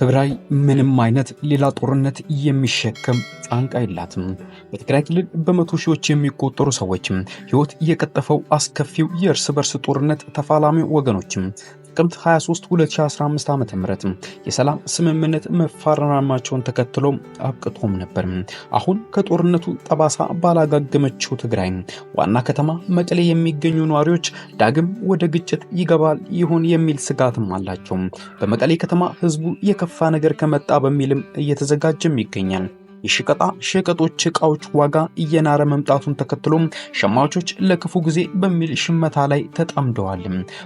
ትግራይ ምንም አይነት ሌላ ጦርነት የሚሸከም ጫንቃ የላትም። በትግራይ ክልል በመቶ ሺዎች የሚቆጠሩ ሰዎችም ህይወት የቀጠፈው አስከፊው የእርስ በርስ ጦርነት ተፋላሚ ወገኖችም ጥቅምት 23 2015 ዓ ም የሰላም ስምምነት መፈራረማቸውን ተከትሎ አብቅቶም ነበር። አሁን ከጦርነቱ ጠባሳ ባላጋገመችው ትግራይ ዋና ከተማ መቀሌ የሚገኙ ነዋሪዎች ዳግም ወደ ግጭት ይገባል ይሆን የሚል ስጋትም አላቸው። በመቀሌ ከተማ ህዝቡ የከፋ ነገር ከመጣ በሚልም እየተዘጋጀም ይገኛል። የሸቀጣ ሸቀጦች እቃዎች ዋጋ እየናረ መምጣቱን ተከትሎ ሸማቾች ለክፉ ጊዜ በሚል ሽመታ ላይ ተጠምደዋል።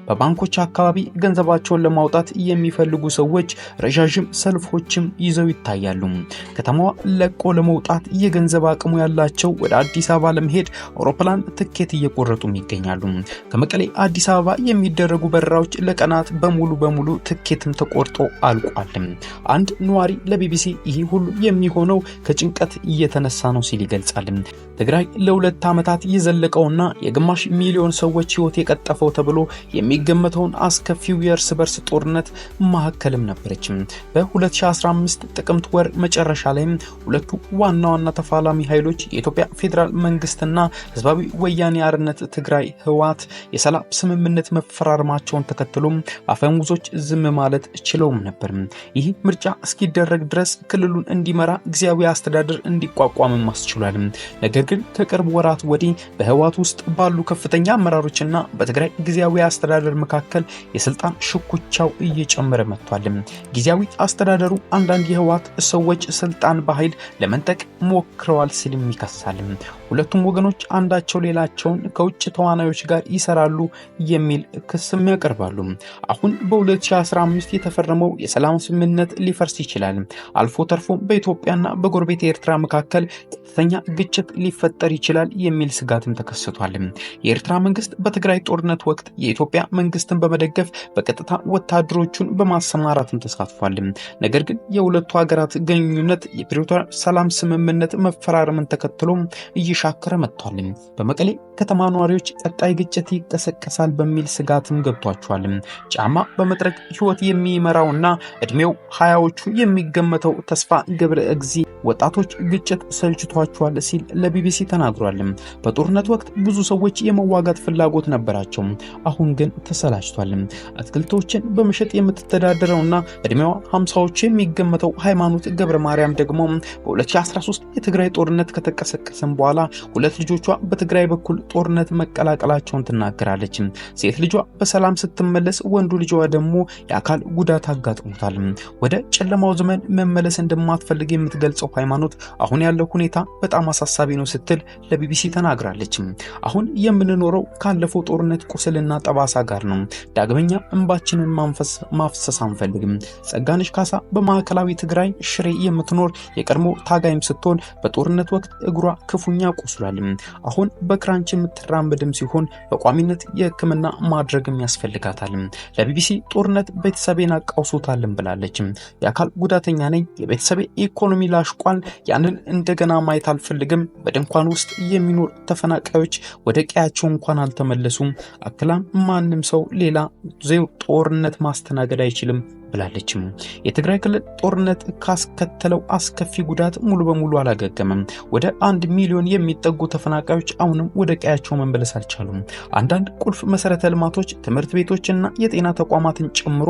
በባንኮች አካባቢ ገንዘባቸውን ለማውጣት የሚፈልጉ ሰዎች ረዣዥም ሰልፎችም ይዘው ይታያሉ። ከተማዋ ለቆ ለመውጣት የገንዘብ አቅሙ ያላቸው ወደ አዲስ አበባ ለመሄድ አውሮፕላን ትኬት እየቆረጡም ይገኛሉ። ከመቀሌ አዲስ አበባ የሚደረጉ በረራዎች ለቀናት በሙሉ በሙሉ ትኬትም ተቆርጦ አልቋል። አንድ ነዋሪ ለቢቢሲ ይህ ሁሉ የሚሆነው ከጭንቀት እየተነሳ ነው ሲል ይገልጻል። ትግራይ ለሁለት ዓመታት የዘለቀውና የግማሽ ሚሊዮን ሰዎች ሕይወት የቀጠፈው ተብሎ የሚገመተውን አስከፊው የእርስ በርስ ጦርነት ማዕከልም ነበረች። በ2015 ጥቅምት ወር መጨረሻ ላይም ሁለቱ ዋና ዋና ተፋላሚ ኃይሎች የኢትዮጵያ ፌዴራል መንግስትና ህዝባዊ ወያኔ አርነት ትግራይ ህወሓት የሰላም ስምምነት መፈራረማቸውን ተከትሎ አፈንጉዞች ዝም ማለት ችለውም ነበር። ይህ ምርጫ እስኪደረግ ድረስ ክልሉን እንዲመራ ጊዜያዊ አስተዳደር እንዲቋቋምም አስችሏል። ነገር ግን ከቅርብ ወራት ወዲህ በህወሓት ውስጥ ባሉ ከፍተኛ አመራሮችና በትግራይ ጊዜያዊ አስተዳደር መካከል የስልጣን ሽኩቻው እየጨመረ መጥቷል። ጊዜያዊ አስተዳደሩ አንዳንድ የህወሓት ሰዎች ስልጣን በኃይል ለመንጠቅ ሞክረዋል ሲልም ይከሳል። ሁለቱም ወገኖች አንዳቸው ሌላቸውን ከውጭ ተዋናዮች ጋር ይሰራሉ የሚል ክስም ያቀርባሉ። አሁን በ2015 የተፈረመው የሰላም ስምምነት ሊፈርስ ይችላል። አልፎ ተርፎ በኢትዮጵያና በጎረቤት ኤርትራ መካከል ከፍተኛ ግጭት ሊፈጠር ይችላል የሚል ስጋትም ተከስቷል። የኤርትራ መንግስት በትግራይ ጦርነት ወቅት የኢትዮጵያ መንግስትን በመደገፍ በቀጥታ ወታደሮቹን በማሰማራትም ተሳትፏል። ነገር ግን የሁለቱ ሀገራት ግንኙነት የፕሪቶሪያ ሰላም ስምምነት መፈራረምን ተከትሎ እየሻከረ መጥቷል። በመቀሌ ከተማ ነዋሪዎች ቀጣይ ግጭት ይቀሰቀሳል በሚል ስጋትም ገብቷቸዋል። ጫማ በመጥረግ ህይወት የሚመራውና እድሜው ሀያዎቹ የሚገመተው ተስፋ ገብረ እግዚ ወጣቶች ግጭት ሰልችቷቸዋል ሲል ለቢቢሲ ተናግሯል። በጦርነት ወቅት ብዙ ሰዎች የመዋጋት ፍላጎት ነበራቸው፣ አሁን ግን ተሰላችቷል። አትክልቶችን በመሸጥ የምትተዳደረውና እድሜዋ ሃምሳዎቹ የሚገመተው ሃይማኖት ገብረ ማርያም ደግሞ በ2013 የትግራይ ጦርነት ከተቀሰቀሰም በኋላ ሁለት ልጆቿ በትግራይ በኩል ጦርነት መቀላቀላቸውን ትናገራለች። ሴት ልጇ በሰላም ስትመለስ፣ ወንዱ ልጇ ደግሞ የአካል ጉዳት አጋጥሞታል። ወደ ጨለማው ዘመን መመለስ እንደማትፈልግ የምትገልጸው የአውቶፕ ሃይማኖት አሁን ያለው ሁኔታ በጣም አሳሳቢ ነው ስትል ለቢቢሲ ተናግራለች። አሁን የምንኖረው ካለፈው ጦርነት ቁስልና ጠባሳ ጋር ነው። ዳግመኛ እንባችንን ማንፈስ ማፍሰስ አንፈልግም። ጸጋነሽ ካሳ በማዕከላዊ ትግራይ ሽሬ የምትኖር የቀድሞ ታጋይም ስትሆን በጦርነት ወቅት እግሯ ክፉኛ ቆስሏል። አሁን በክራንች የምትራመድም ሲሆን በቋሚነት የሕክምና ማድረግም ያስፈልጋታል። ለቢቢሲ ጦርነት ቤተሰቤን አቃውሶታልም ብላለች። የአካል ጉዳተኛ ነኝ፣ የቤተሰቤ ኢኮኖሚ ላሽ ተነጥቋል። ያንን እንደገና ማየት አልፈልግም። በድንኳን ውስጥ የሚኖሩ ተፈናቃዮች ወደ ቀያቸው እንኳን አልተመለሱም። አክላም ማንም ሰው ሌላ ዜው ጦርነት ማስተናገድ አይችልም ብላለችም። የትግራይ ክልል ጦርነት ካስከተለው አስከፊ ጉዳት ሙሉ በሙሉ አላገገመም። ወደ አንድ ሚሊዮን የሚጠጉ ተፈናቃዮች አሁንም ወደ ቀያቸው መመለስ አልቻሉም። አንዳንድ ቁልፍ መሰረተ ልማቶች፣ ትምህርት ቤቶችና የጤና ተቋማትን ጨምሮ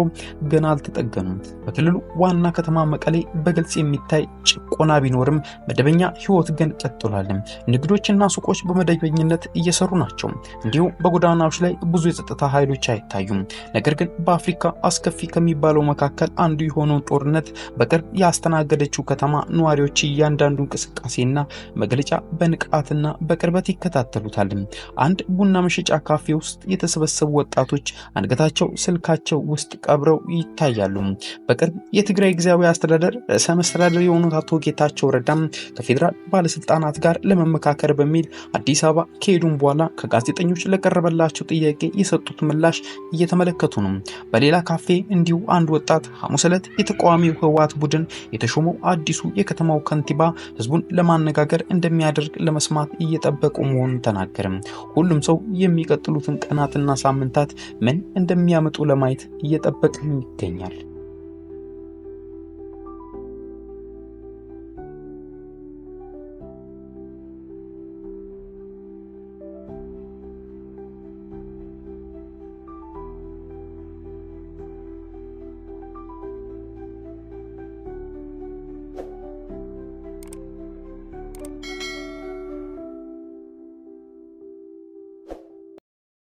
ገና አልተጠገኑም። በክልሉ ዋና ከተማ መቀሌ በግልጽ የሚታይ ጭቆ ቆና ቢኖርም መደበኛ ህይወት ግን ቀጥሏል። ንግዶችና ሱቆች በመደበኝነት እየሰሩ ናቸው። እንዲሁ በጎዳናዎች ላይ ብዙ የጸጥታ ኃይሎች አይታዩም። ነገር ግን በአፍሪካ አስከፊ ከሚባለው መካከል አንዱ የሆነውን ጦርነት በቅርብ ያስተናገደችው ከተማ ነዋሪዎች እያንዳንዱ እንቅስቃሴና መግለጫ በንቃትና በቅርበት ይከታተሉታል። አንድ ቡና መሸጫ ካፌ ውስጥ የተሰበሰቡ ወጣቶች አንገታቸው ስልካቸው ውስጥ ቀብረው ይታያሉ። በቅርብ የትግራይ ጊዜያዊ አስተዳደር ርዕሰ መስተዳደር የሆኑት አቶ ጌታቸው ረዳም ከፌዴራል ባለስልጣናት ጋር ለመመካከር በሚል አዲስ አበባ ከሄዱም በኋላ ከጋዜጠኞች ለቀረበላቸው ጥያቄ የሰጡት ምላሽ እየተመለከቱ ነው። በሌላ ካፌ እንዲሁ አንድ ወጣት ሐሙስ ዕለት የተቃዋሚው ህወሓት ቡድን የተሾመው አዲሱ የከተማው ከንቲባ ህዝቡን ለማነጋገር እንደሚያደርግ ለመስማት እየጠበቁ መሆኑን ተናገርም። ሁሉም ሰው የሚቀጥሉትን ቀናትና ሳምንታት ምን እንደሚያመጡ ለማየት እየጠበቅም ይገኛል።